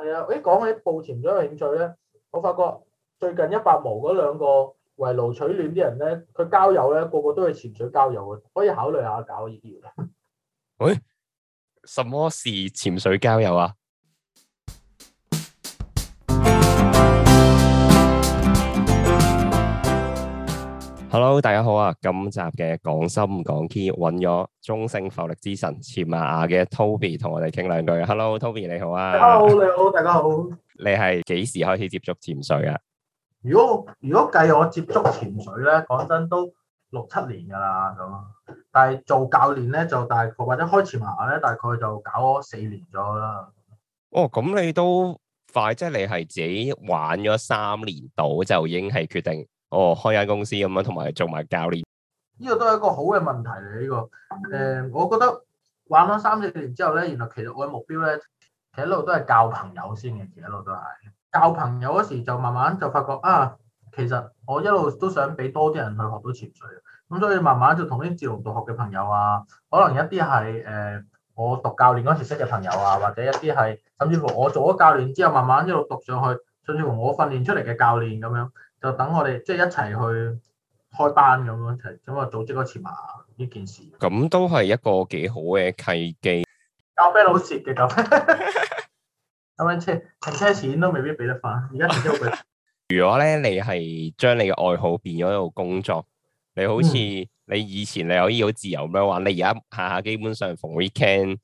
係啊，誒講起報潛水嘅興趣咧，我發覺最近一百毛嗰兩個圍爐取暖啲人咧，佢交友咧個個都係潛，欸、潛水交友啊，可以考慮下搞呢啲嘢。喂，什麼是潛水交友啊？Hello，大家好啊！今集嘅講心講 key 揾咗中性浮力之神潛牙牙嘅 Tobby 同我哋傾兩句。Hello，Tobby 你好啊！Hello，你好，大家好。你係幾時開始接觸潛水啊？如果如果計我接觸潛水咧，講真都六七年噶啦咁。但係做教練咧，就大概或者開潛牙牙咧，大概就搞咗四年咗啦。哦，咁你都快，即係你係自己玩咗三年度，就已經係決定。哦，開間公司咁啊，同埋做埋教練。呢個都係一個好嘅問題嚟。呢、這個，誒、呃，我覺得玩咗三四年之後咧，原來其實我嘅目標咧，其實一路都係交朋友先嘅，其實一路都係交朋友嗰時就慢慢就發覺啊，其實我一路都想俾多啲人去學到潛水。咁所以慢慢就同啲志同道合嘅朋友啊，可能一啲係誒我讀教練嗰時識嘅朋友啊，或者一啲係甚至乎我做咗教練之後慢慢一路讀上去，甚至乎我訓練出嚟嘅教練咁樣。就等我哋即係一齊去開班咁咯，一咁啊組織嗰次嘛呢件事。咁都係一個幾好嘅契機。交俾老師嘅咁，啱啱 車，停車錢都未必俾得翻。而家 如果咧，你係將你嘅愛好變咗做工作，你好似你以前你可以好自由咁樣玩，嗯、你而家下下基本上逢 weekend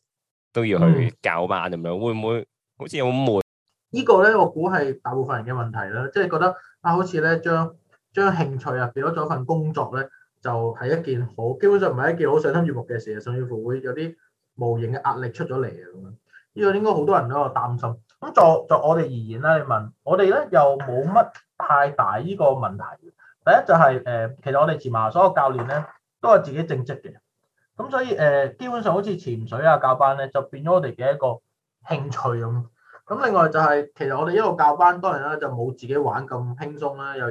都要去搞嘛，咁樣、嗯、會唔會好似好咁悶？呢個咧，我估係大部分人嘅問題啦，即係覺得啊，好似咧將將興趣啊，變咗做一份工作咧，就係一件好，基本上唔係一件好賞心悅目嘅事啊，甚至乎會有啲無形嘅壓力出咗嚟啊，咁樣呢個應該好多人都有擔心。咁作作我哋而言啦，你問我哋咧，又冇乜太大呢個問題。第一就係誒，其實我哋潛牙牙所有教練咧，都係自己正職嘅，咁所以誒，基本上好似潛水啊教班咧，就變咗我哋嘅一個興趣咁。咁另外就係，其實我哋一路教班，當然啦，就冇自己玩咁輕鬆啦，又要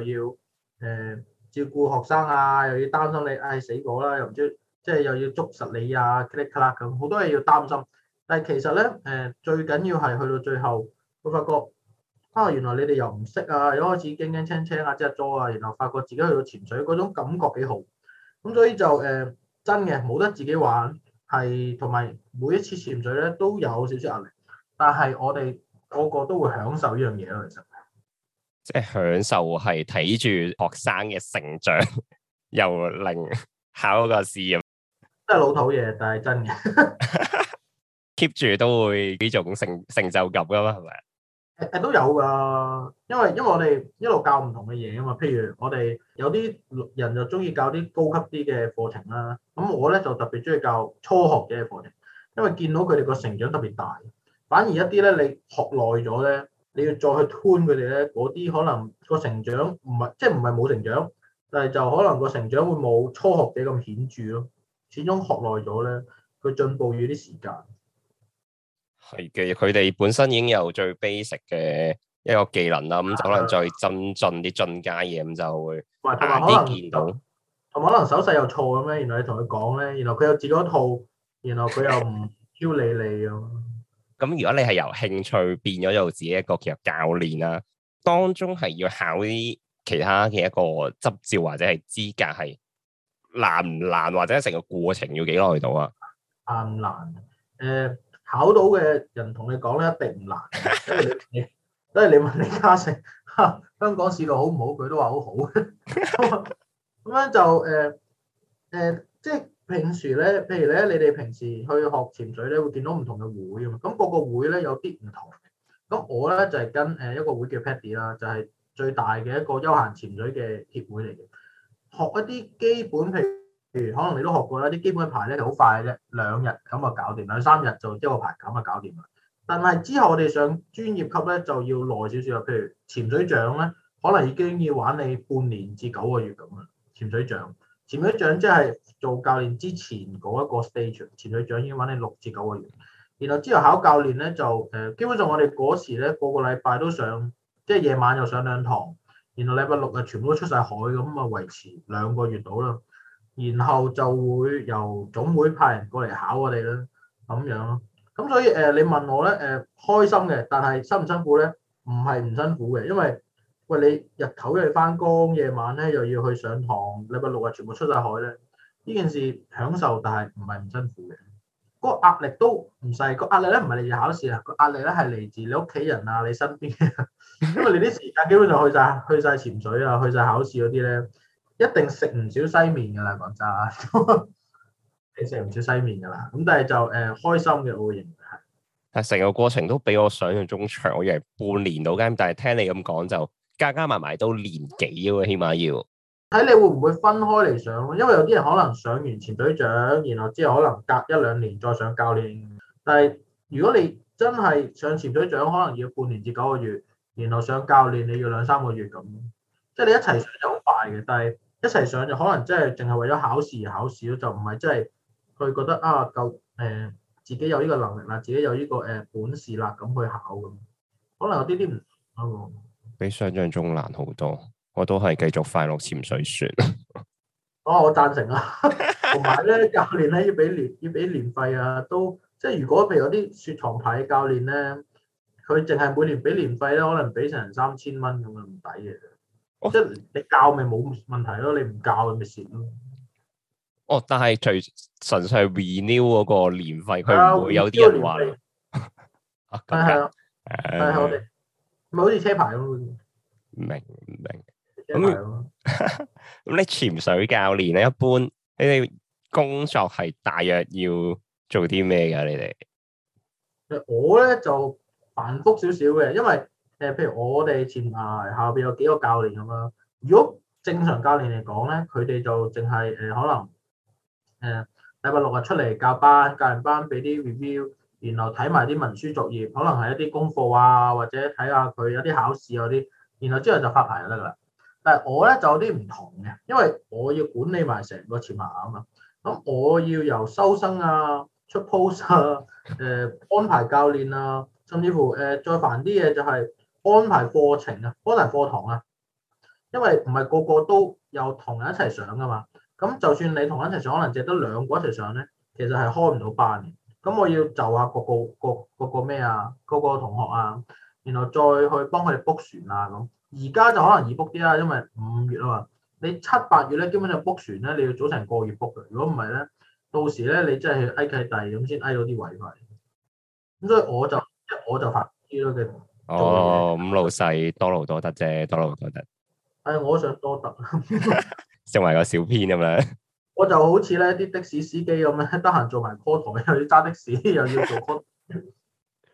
誒照顧學生啊，又要擔心你唉死過啦，又唔知即係又要捉實你啊 click click 咁，好多嘢要擔心。但係其實咧誒，最緊要係去到最後，會發覺啊，原來你哋又唔識啊，又開始驚驚青青啊，即係裝啊，然後發覺自己去到潛水嗰種感覺幾好。咁所以就誒真嘅冇得自己玩，係同埋每一次潛水咧都有少少壓力，但係我哋。個個都會享受呢樣嘢咯，其實，即係享受係睇住學生嘅成長， 又令考一個試咁，都係老土嘢，但係真嘅，keep 住都會呢種成成就感噶嘛，係咪？誒，都有噶，因為因為我哋一路教唔同嘅嘢啊嘛，譬如我哋有啲人就中意教啲高級啲嘅課程啦，啊，咁我咧就特別中意教初學嘅課程，因為見到佢哋個成長特別大。反而一啲咧，你學耐咗咧，你要再去推佢哋咧，嗰啲可能個成長唔係即係唔係冇成長，但係就可能個成長會冇初學者咁顯著咯。始終學耐咗咧，佢進步要啲時間。係嘅，佢哋本身已經有最 basic 嘅一個技能啦，咁的、嗯、就可能再增進啲進階嘢，咁就會慢啲見到。同埋可，可能手勢又錯咁咧，原來你同佢講咧，然後佢又接咗一套，然後佢又唔嬌你哋咁。咁如果你係由興趣變咗做自己一個其實教練啦，當中係要考啲其他嘅一個執照或者係資格，係難唔難？或者成個過程要幾耐到啊？唔難，難，誒、呃、考到嘅人同你講咧，一定唔難。因為 你，因、就是、問李嘉誠，香港市道好唔好？佢都話好好。咁 樣就誒誒、呃呃、即。平時咧，譬如咧，你哋平時去學潛水咧，會見到唔同嘅會啊嘛。咁、那個個會咧有啲唔同。咁我咧就係、是、跟誒一個會叫 PADI 啦，就係、是、最大嘅一個休閒潛水嘅協會嚟嘅。學一啲基本，譬如可能你都學過啦，啲基本嘅牌咧就好快嘅啫，兩日咁就搞掂，兩三日就一個牌咁就搞掂啦。但係之後我哋上專業級咧就要耐少少啊。譬如潛水長咧，可能已經要玩你半年至九個月咁啊。潛水長。前面潛水長即係做教練之前嗰一個 stage，潛水長已經揾你六至九個月，然後之後考教練咧就誒、呃，基本上我哋嗰時咧個個禮拜都上，即係夜晚上又上兩堂，然後禮拜六日全部都出晒海咁啊，維持兩個月到啦，然後就會由總會派人過嚟考我哋啦，咁樣咯。咁所以誒、呃，你問我咧誒、呃，開心嘅，但係辛唔辛苦咧？唔係唔辛苦嘅，因為。喂，你日頭又返工，夜晚咧又要去上堂，禮拜六日全部出晒海咧，呢件事享受，但係唔係唔辛苦嘅。嗰個壓力都唔細，個壓力咧唔係嚟自考試啊，個壓力咧係嚟自你屋企人啊，你身邊。因為你啲時間基本上去晒，去晒潛水啊，去晒考試嗰啲咧，一定食唔少西面㗎啦，講真， 你食唔少西面㗎啦。咁但係就誒、呃、開心嘅好型。係成個過程都比我想象中長，我以為半年到間，但係聽你咁講就。加加埋埋都年幾咯，起碼要睇你會唔會分開嚟上，因為有啲人可能上完潛水長，然後之後可能隔一兩年再上教練。但係如果你真係上潛水長，可能要半年至九個月，然後上教練你要兩三個月咁。即係你一齊上就好快嘅，但係一齊上就可能真係淨係為咗考試而考試咯，就唔係真係佢覺得啊夠誒自己有呢個能力啦，自己有呢個誒、這個呃、本事啦，咁去考咁。可能有啲啲唔比想象中難好多，我都係繼續快樂潛水船。哦、我我贊成啦，同埋咧教練咧要俾年要俾年費啊，都即係如果譬如有啲雪藏牌嘅教練咧，佢淨係每年俾年費咧，可能俾成三千蚊咁啊，唔抵嘅。即係你教咪冇問題咯，你唔教咪蝕咯。哦，但係除純粹 renew 嗰個年費，佢唔會有啲人話。啊，係 啊，係好嘅。是咪好似車牌咯，明唔明？咁咁， 你潛水教練咧，一般你哋工作係大約要做啲咩噶？你哋我咧就繁複少少嘅，因為誒、呃，譬如我哋前排下邊有幾個教練咁樣。如果正常教練嚟講咧，佢哋就淨係誒，可能誒禮拜六日出嚟教班、教完班俾啲 review。然後睇埋啲文書作業，可能係一啲功課啊，或者睇下佢有啲考試嗰啲。然後之後就發牌就得噶啦。但係我咧就有啲唔同嘅，因為我要管理埋成個全碼啊嘛。咁我要由收生啊、出 post 啊、誒、呃、安排教練啊，甚至乎誒、呃、再煩啲嘢就係安排課程啊、安排課堂啊。因為唔係個個都有同人一齊上噶嘛。咁就算你同人一齊上，可能淨得兩個一齊上咧，其實係開唔到班嘅。咁、嗯、我要就下個個個個個咩啊？嗰個同學啊，然後再去幫佢哋 book 船啊咁。而家就可能易 book 啲啦，因為五月啊嘛。你七八月咧，基本上 book 船咧，你要早成個月 book 嘅。如果唔係咧，到時咧你真係去挨契弟咁先挨到啲位翻嚟。咁所以我就即我就煩啲咯，即哦，五、嗯、老細多，多勞多得啫，多勞多得。係、哎，我想多得成為 個小編咁樣。我就好似咧啲的士司機咁咧，得閒做埋 call 台，又要揸的士，又要做 call。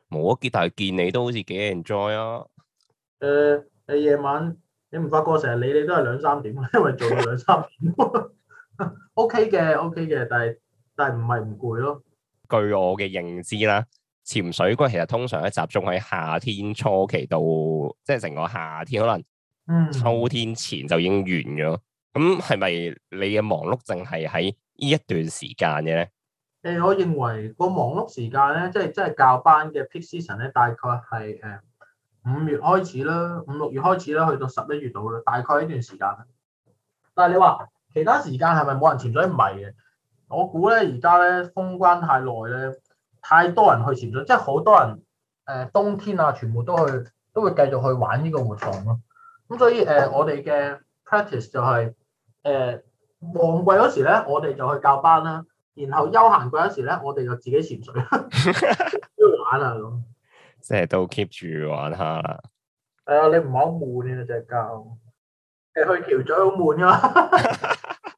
冇啊， 見但係見你都好似幾 enjoy 啊！誒誒、呃，夜晚你唔發覺成日你哋都係兩三點，因為做咗兩三點。 OK 嘅，OK 嘅，但係但係唔係唔攰咯。據我嘅認知啦，潛水季其實通常係集中喺夏天初期到，即係成個夏天可能，嗯，秋天前就已經完咗。嗯.咁係咪你嘅忙碌淨係喺呢一段時間嘅咧？誒、欸，我認為個忙碌時間咧，即係即係教班嘅 peak season 咧，大概係誒五月開始啦，五六月開始啦，去到十一月度啦，大概呢段時間。但係你話其他時間係咪冇人潛水，唔係嘅？我估咧而家咧封關太耐咧，太多人去潛水，即係好多人誒、呃、冬天啊，全部都去，都會繼續去玩呢個活動咯、啊。咁所以誒、呃，我哋嘅 practice 就係、是。誒，旺季嗰時咧，我哋就去教班啦；然後休閒季嗰時咧，我哋就自己潛水啦， 玩啊咁。即係 都 keep 住玩下啦。係、呃、啊，啊 你唔好悶你就教，你去橋咀好悶噶。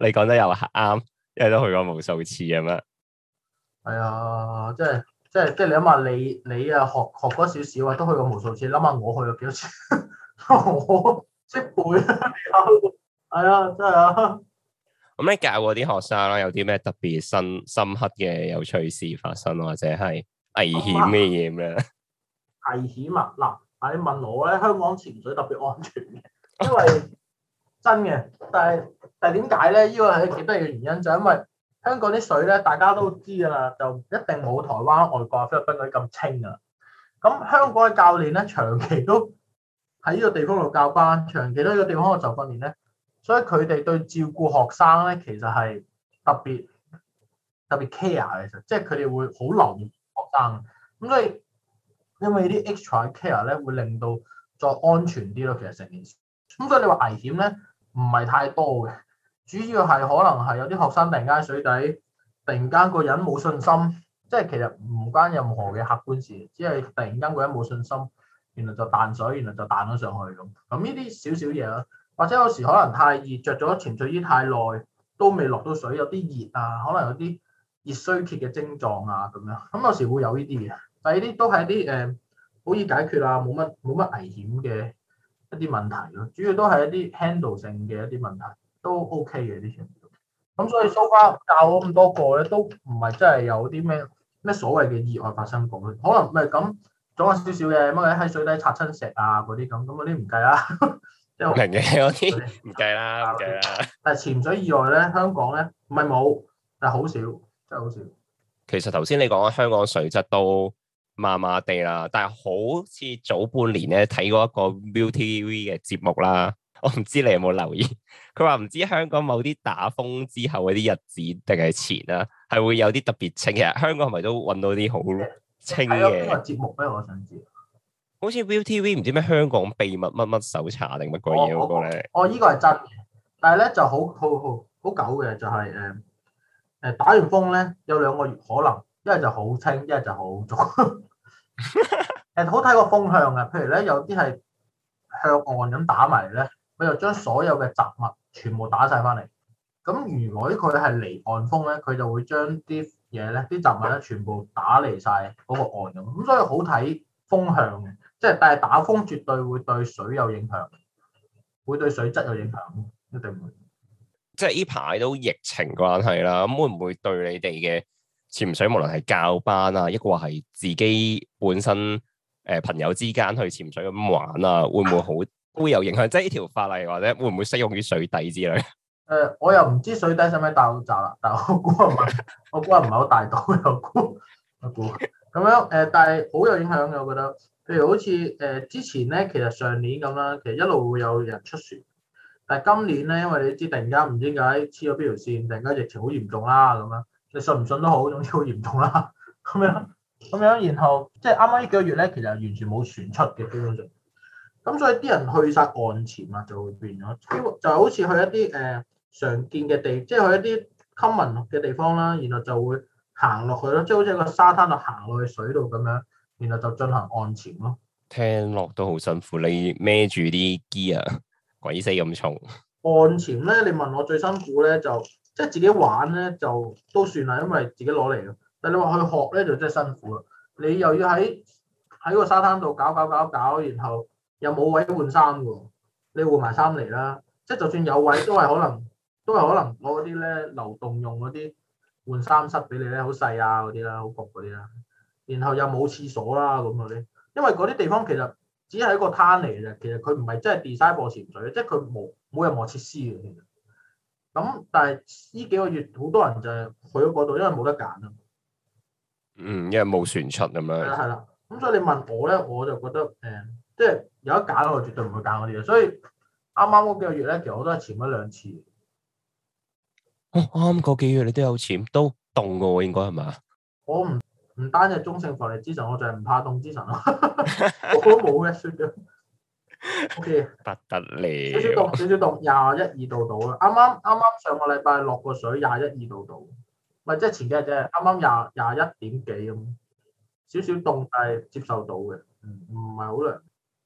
你講得又啱，因為都去過無數次啊嘛。係啊，即係即係即係，諗、就、下、是就是、你諗下你啊，學學少少啊，都去過無數次。諗下我去咗幾多次， 我識背啦。係啊，真係啊！咁你教過啲學生啦，有啲咩特別深深刻嘅有趣事發生，或者係危險嘅嘢咁樣？危險啊！嗱，你問我咧，香港潛水特別安全嘅，因為真嘅。但係但係點解咧？呢個係幾得意嘅原因，就係因為香港啲水咧，大家都知噶啦，就一定冇台灣、外國菲律賓女咁清啊。咁香港嘅教練咧，長期都喺呢個地方度教班，長期喺呢個地方度就訓練咧。所以佢哋對照顧學生咧，其實係特別特別 care 嘅，其實即係佢哋會好留意學生。咁所以因為啲 extra care 咧，會令到再安全啲咯。其實成件事，咁所以你話危險咧，唔係太多嘅。主要係可能係有啲學生突然間喺水底，突然間個人冇信心，即係其實唔關任何嘅客觀事，只係突然間個人冇信心，原來就彈水，原來就彈咗上去咁。咁呢啲少少嘢咯。或者有時可能太熱，着咗潛水衣太耐，都未落到水，有啲熱啊，可能有啲熱衰竭嘅症狀啊，咁樣咁、嗯、有時會有呢啲嘢，但係呢啲都係啲誒好易解決啊，冇乜冇乜危險嘅一啲問題咯，主要都係一啲 handle 性嘅一啲問題，問題都 OK 嘅啲嘢。咁所以蘇哥教咗咁多個咧，都唔係真係有啲咩咩所謂嘅意外發生過，可能唔係咁，掌握少少嘅乜喺水底擦親石啊嗰啲咁，咁嗰啲唔計啦。 明嘅嗰啲唔計啦，唔計啦。但係潛水以外咧，香港咧唔係冇，但係好少，真係好少。其實頭先你講香港水質都麻麻地啦，但係好似早半年咧睇過一個 MTV 嘅節目啦，我唔知你有冇留意。佢話唔知香港某啲打風之後嗰啲日子定係前啊，係會有啲特別清嘅。香港係咪都揾到啲好清嘅？係啊，邊個節目咧？我想知。好似 ViuTV 唔知咩香港秘密乜乜搜查定乜鬼嘢嗰個咧？哦，依個係真嘅，但係咧就好好好好舊嘅，就係誒誒打完風咧，有兩個月可能一係就好清，一係就好濁。誒、 嗯，好睇個風向㗎！譬如咧，有啲係向岸咁打埋嚟咧，佢就將所有嘅雜物全部打晒翻嚟。咁如果佢係離岸風咧，佢就會將啲嘢咧，啲雜物咧，全部打離晒嗰個岸咁。咁所以好睇風向。即係，但係打風絕對會對水有影響，會對水質有影響，一定會。即係呢排都疫情關係啦，咁會唔會對你哋嘅潛水，無論係教班啊，抑或係自己本身誒、呃、朋友之間去潛水咁玩啊，會唔會好都 會有影響？即係呢條法例或者會唔會適用於水底之類？誒、呃，我又唔知水底使唔使戴口罩啦，但係我估唔係，我估唔係好大度，我估我估咁樣誒、呃，但係好有影響，我覺得，我覺得。譬如好似誒、呃、之前咧，其實上年咁啦，其實一路會有人出船，但係今年咧，因為你知突然間唔知點解黐咗邊條線，突然間疫情好嚴重啦咁樣，你信唔信都好，總之好嚴重啦咁樣，咁樣然後即係啱啱呢幾個月咧，其實完全冇船出嘅基本上，咁所以啲人去晒岸前岸潛啊，就會變咗，即係就好似去一啲誒、呃、常見嘅地，即係去一啲 common 嘅地方啦，然後就會行落去咯，即係好似喺個沙灘度行落去水度咁樣。然後就進行岸潛咯，聽落都好辛苦。你孭住啲機啊，鬼死咁重。岸潛咧，你問我最辛苦咧，就即係自己玩咧，就都算啦，因為自己攞嚟。但係你話去學咧，就真係辛苦啦。你又要喺喺個沙灘度搞搞搞搞搞，然後又冇位換衫㗎喎。你換埋衫嚟啦，即係就算有位都係可能，都係可能攞啲咧流動用嗰啲換衫室俾你咧，好細啊嗰啲啦，好焗嗰啲啦。然後又冇廁所啦咁嗰啲，因為嗰啲地方其實只係一個攤嚟嘅，其實佢唔係真係 design for 潛水，即係佢冇冇任何設施嘅。咁但係呢幾個月好多人就係去咗嗰度，因為冇得揀啊。嗯，因為冇船出咁樣。係啦，係啦，咁所以你問我咧，我就覺得誒、嗯，即係有得揀，我絕對唔會揀嗰啲嘅。所以啱啱嗰幾個月咧，其實我都係潛咗兩次。啱嗰、哦、幾個月你都有潛，都凍嘅喎，應該係嘛？我唔。唔單係中性浮力之神，我仲係唔怕凍之神咯。 我覺冇嘅雪嘅。O、okay, K，不得了。少少凍，少少凍，廿一二度到啦。啱啱啱啱上個禮拜落個水，廿一二度到，唔係即係前幾日啫。啱啱廿廿一點幾咁，少少凍但係接受到嘅，唔唔係好涼。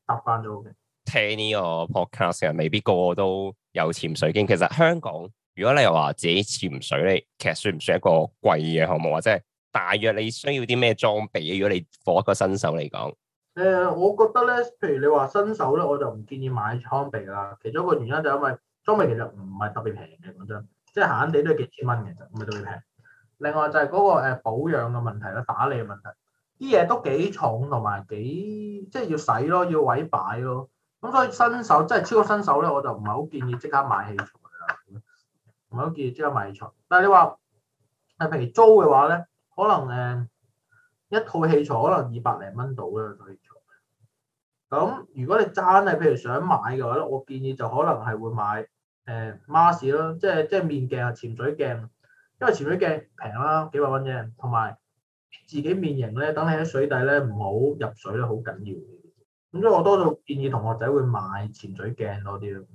習慣咗嘅。Okay、聽呢個 podcast 嘅未必個個都有潛水經驗。其實香港，如果你又話自己潛水，你其實算唔算一個貴嘅項目或者？大約你需要啲咩裝備？如果你做一個新手嚟講，誒、呃，我覺得咧，譬如你話新手咧，我就唔建議買裝備啦。其中一個原因就因為裝備其實唔係特別平嘅，講真即係慳地都係幾千蚊嘅，實唔係特別平。另外就係嗰、那個誒、呃、保養嘅問題啦，打理嘅問題，啲嘢都幾重同埋幾，即係要洗咯，要位擺咯。咁所以新手即係超新手咧，我就唔係好建議即刻買器材啦。唔係好建議即刻買器材，但係你話係譬如租嘅話咧。可能誒、嗯、一套器材可能二百零蚊到啦，套器材。咁如果你真係譬如想買嘅話咧，我建議就可能係會買誒 mask 啦，即係即係面鏡啊、潛水鏡，因為潛水鏡平啦，幾百蚊啫，同埋自己面型咧，等你喺水底咧唔好入水咧好緊要。咁所以我多數建議同學仔會買潛水鏡多啲咯。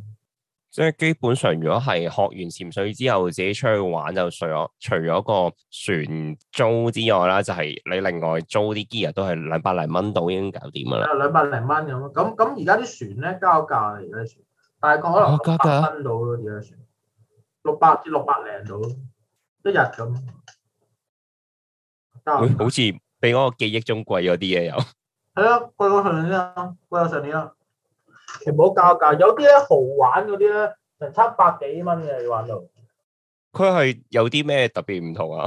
即係基本上，如果係學完潛水之後自己出去玩，就除咗除咗個船租之外啦，就係、是、你另外租啲 gear 都係兩百零蚊到，已經搞掂噶啦。兩百零蚊咁，咁咁而家啲船咧，加價嚟咧，大概可能百蚊到嘅，六百至六百零到，一日咁、欸。好似比我記憶中貴咗啲嘅又。係啊，貴過上年啊。貴過上年咯。唔好教價，有啲咧豪玩嗰啲咧，成七百幾蚊嘅你玩到。佢係有啲咩特別唔同啊？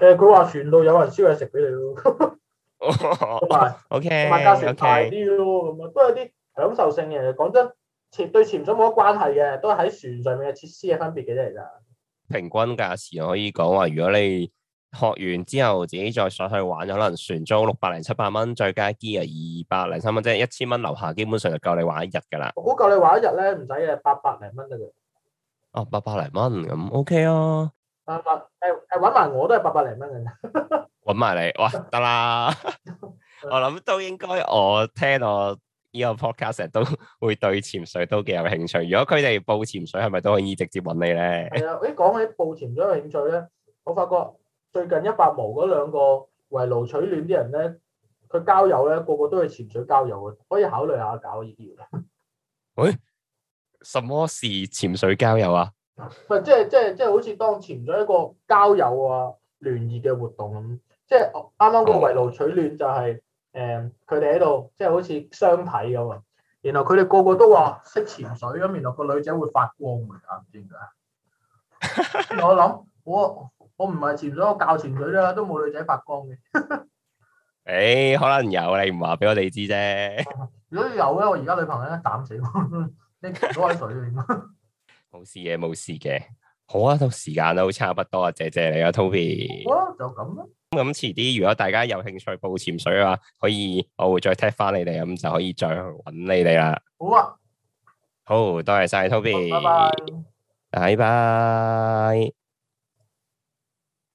誒，佢話船度有人燒嘢食俾你咯，同 埋、oh，OK，同埋價錢大啲咯，咁啊，都有啲享受性嘅。講真，潛對潛水冇乜關係嘅，都係喺船上面嘅設施嘅分別嘅啫，嚟咋。平均價錢可以講話，如果你。學完之後自己再上去玩，可能船租六百零七百蚊，再加 gear 啊，二百零三蚊，即係一千蚊樓下，基本上就夠你玩一日噶啦。我估夠你玩一日咧，唔使嘅，八百零蚊嘅啫。哦，八百零蚊咁 OK 啊。八百誒誒，搵、呃、埋我都係八百零蚊嘅。搵 埋你，哇得啦！ 我諗都應該我聽到我呢個 podcast 都會對潛水都幾有興趣。如果佢哋報潛水，係咪都可以直接搵你咧？係啊，誒，講起報潛水嘅興趣咧，我發覺。最近一百毛嗰兩個圍爐取暖啲人咧，佢交友咧個個都係潛水交友嘅，可以考慮下搞呢啲嘢。喂、欸，什麼是潛水交友啊？唔即係即係即係好似當潛咗一個交友啊聯誼嘅活動咁，即係啱啱個圍爐取暖就係、是、誒，佢哋喺度即係好似相睇咁，然後佢哋個個都話識潛水咁，原來個女仔會發光眼影噶。唔知點解。我諗我。我唔係潛水，我教潛水啫，都冇女仔發光嘅。誒，可能有，你唔話俾我哋知啫。如果有咧，我而家女朋友咧，膽死，你攞你水點啊？冇事嘅，冇事嘅。好啊，到時間都差不多啊，謝謝你啊，Tobby。好啊，就咁啦。咁遲啲，如果大家有興趣報潛水嘅話，可以我會再踢翻你哋，咁就可以再揾你哋啦。好啊，好，多謝晒 Tobby。拜拜，拜拜。